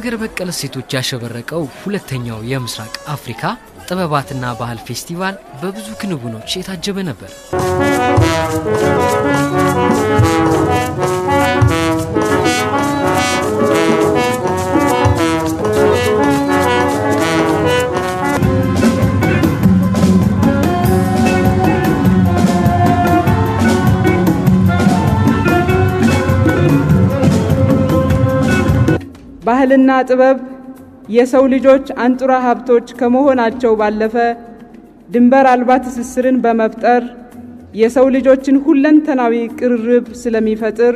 በሀገር በቀል እሴቶች ያሸበረቀው ሁለተኛው የምስራቅ አፍሪካ ጥበባትና ባህል ፌስቲቫል በብዙ ክንውኖች የታጀበ ነበር። ባህልና ጥበብ የሰው ልጆች አንጡራ ሀብቶች ከመሆናቸው ባለፈ ድንበር አልባ ትስስርን በመፍጠር የሰው ልጆችን ሁለንተናዊ ቅርርብ ስለሚፈጥር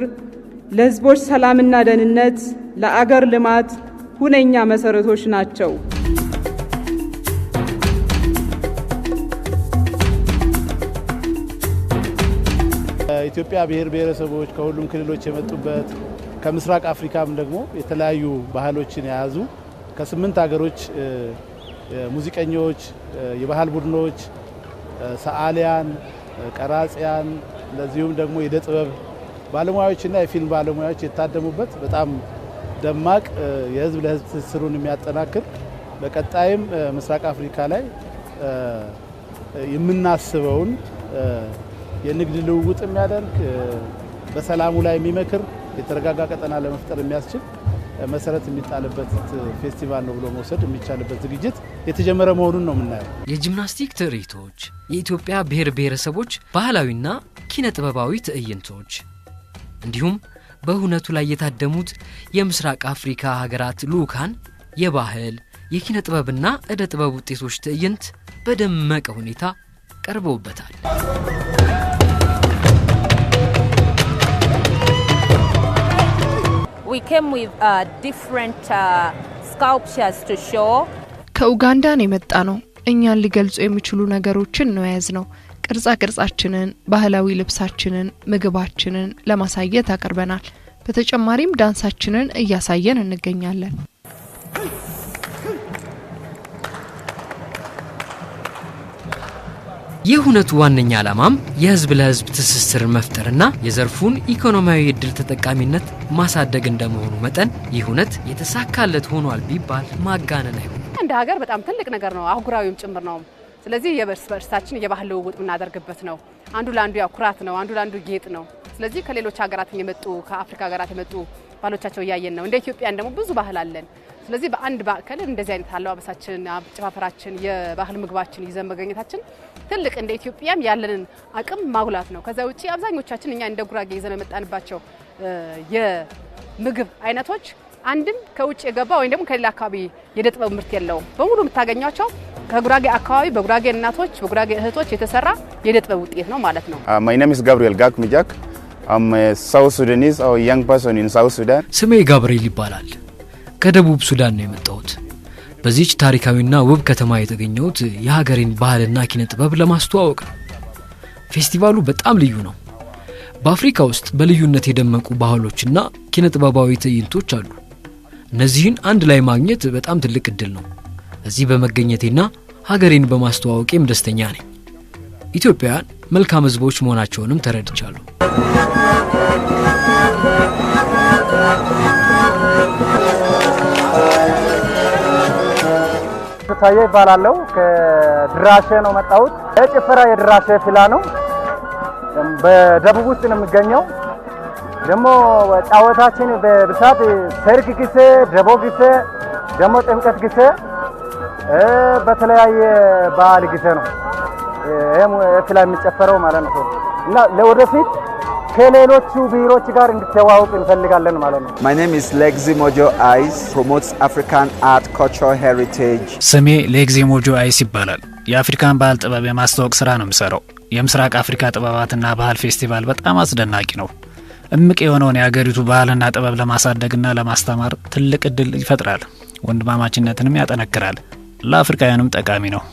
ለሕዝቦች ሰላምና ደህንነት፣ ለአገር ልማት ሁነኛ መሰረቶች ናቸው። ኢትዮጵያ ብሔር ብሔረሰቦች ከሁሉም ክልሎች የመጡበት ከምስራቅ አፍሪካም ደግሞ የተለያዩ ባህሎችን የያዙ ከስምንት ሀገሮች ሙዚቀኞች፣ የባህል ቡድኖች፣ ሰዓሊያን፣ ቀራጽያን እንደዚሁም ደግሞ የእደ ጥበብ ባለሙያዎችና የፊልም ባለሙያዎች የታደሙበት በጣም ደማቅ የህዝብ ለህዝብ ትስስሩን የሚያጠናክር በቀጣይም ምስራቅ አፍሪካ ላይ የምናስበውን የንግድ ልውውጥ የሚያደርግ በሰላሙ ላይ የሚመክር የተረጋጋ ቀጠና ለመፍጠር የሚያስችል መሰረት የሚጣልበት ፌስቲቫል ነው ብሎ መውሰድ የሚቻልበት ዝግጅት የተጀመረ መሆኑን ነው የምናየው። የጂምናስቲክ ትርኢቶች፣ የኢትዮጵያ ብሔር ብሔረሰቦች ባህላዊና ኪነ ጥበባዊ ትዕይንቶች እንዲሁም በእውነቱ ላይ የታደሙት የምስራቅ አፍሪካ ሀገራት ልዑካን የባህል የኪነ ጥበብና ዕደ ጥበብ ውጤቶች ትዕይንት በደመቀ ሁኔታ ቀርበውበታል። came with uh, different uh, sculptures to show ከኡጋንዳ ነው የመጣ ነው። እኛን ሊገልጹ የሚችሉ ነገሮችን ነው የያዝ ነው። ቅርጻ ቅርጻችንን፣ ባህላዊ ልብሳችንን፣ ምግባችንን ለማሳየት አቅርበናል። በተጨማሪም ዳንሳችንን እያሳየን እንገኛለን። ይህ እውነቱ ዋነኛ ዓላማም የህዝብ ለህዝብ ትስስር መፍጠርና የዘርፉን ኢኮኖሚያዊ እድል ተጠቃሚነት ማሳደግ እንደመሆኑ መጠን ይህ እውነት የተሳካለት ሆኗል ቢባል ማጋነን አይሆንም። እንደ ሀገር በጣም ትልቅ ነገር ነው፣ አህጉራዊም ጭምር ነው። ስለዚህ የበርስ በርሳችን የባህል ልውውጥ የምናደርግበት ነው። አንዱ ለአንዱ ያው ኩራት ነው፣ አንዱ ለአንዱ ጌጥ ነው። ስለዚህ ከሌሎች ሀገራት የመጡ ከአፍሪካ ሀገራት የመጡ ባህሎቻቸው እያየን ነው። እንደ ኢትዮጵያን ደግሞ ብዙ ባህል አለን። ስለዚህ በአንድ ማዕከል እንደዚህ አይነት አለባበሳችን፣ አጨፋፈራችን፣ የባህል ምግባችን ይዘን መገኘታችን ትልቅ እንደ ኢትዮጵያም ያለንን አቅም ማጉላት ነው። ከዛ ውጭ አብዛኞቻችን እኛ እንደ ጉራጌ ይዘን የመጣንባቸው የምግብ አይነቶች አንድም ከውጭ የገባ ወይም ደግሞ ከሌላ አካባቢ የእደ ጥበብ ምርት የለውም። በሙሉ የምታገኛቸው ከጉራጌ አካባቢ በጉራጌ እናቶች፣ በጉራጌ እህቶች የተሰራ የእደ ጥበብ ውጤት ነው ማለት ነው። ማይ ኔም ኢዝ ጋብሪኤል ጋክ ሚጃክ አም ሳውዝ ሱዳኒዝ ኦር ያንግ ፐርሰን ኢን ሳውዝ ሱዳን። ስሜ ጋብሪኤል ይባላል። ከደቡብ ሱዳን ነው የመጣሁት። በዚች ታሪካዊና ውብ ከተማ የተገኘሁት የሀገሬን ባህልና ኪነ ጥበብ ለማስተዋወቅ ነው። ፌስቲቫሉ በጣም ልዩ ነው። በአፍሪካ ውስጥ በልዩነት የደመቁ ባህሎችና ኪነ ጥበባዊ ትዕይንቶች አሉ። እነዚህን አንድ ላይ ማግኘት በጣም ትልቅ እድል ነው። እዚህ በመገኘቴና ሀገሬን በማስተዋወቄም ደስተኛ ነኝ። ኢትዮጵያውያን መልካም ህዝቦች መሆናቸውንም ተረድቻለሁ። አታየ ይባላለው። ከድራሼ ነው መጣሁት። የጭፈራ የድራሼ ፊላ ነው። በደቡብ ውስጥ ነው የሚገኘው። ደግሞ ጫወታችን በብሳት ሰርግ ጊዜ፣ ደቦ ጊዜ፣ ደግሞ ጥምቀት ጊዜ፣ በተለያየ በዓል ጊዜ ነው ፊላ የሚጨፈረው ማለት ነው እና ለወደፊት ከሌሎቹ ብሔሮች ጋር እንድተዋወቅ እንፈልጋለን ማለት ነው። ማይ ኔም ኢዝ ሌግዚ ሞጆ አይስ ፕሮሞትስ አፍሪካን አርት ካልቸራል ሄሪቴጅ። ስሜ ሌግዚ ሞጆ አይስ ይባላል። የአፍሪካን ባህል ጥበብ የማስተዋወቅ ስራ ነው የምሰራው። የምስራቅ አፍሪካ ጥበባትና ባህል ፌስቲቫል በጣም አስደናቂ ነው። እምቅ የሆነውን የአገሪቱ ባህልና ጥበብ ለማሳደግና ለማስተማር ትልቅ እድል ይፈጥራል። ወንድማማችነትንም ያጠነክራል። ለአፍሪካውያንም ጠቃሚ ነው።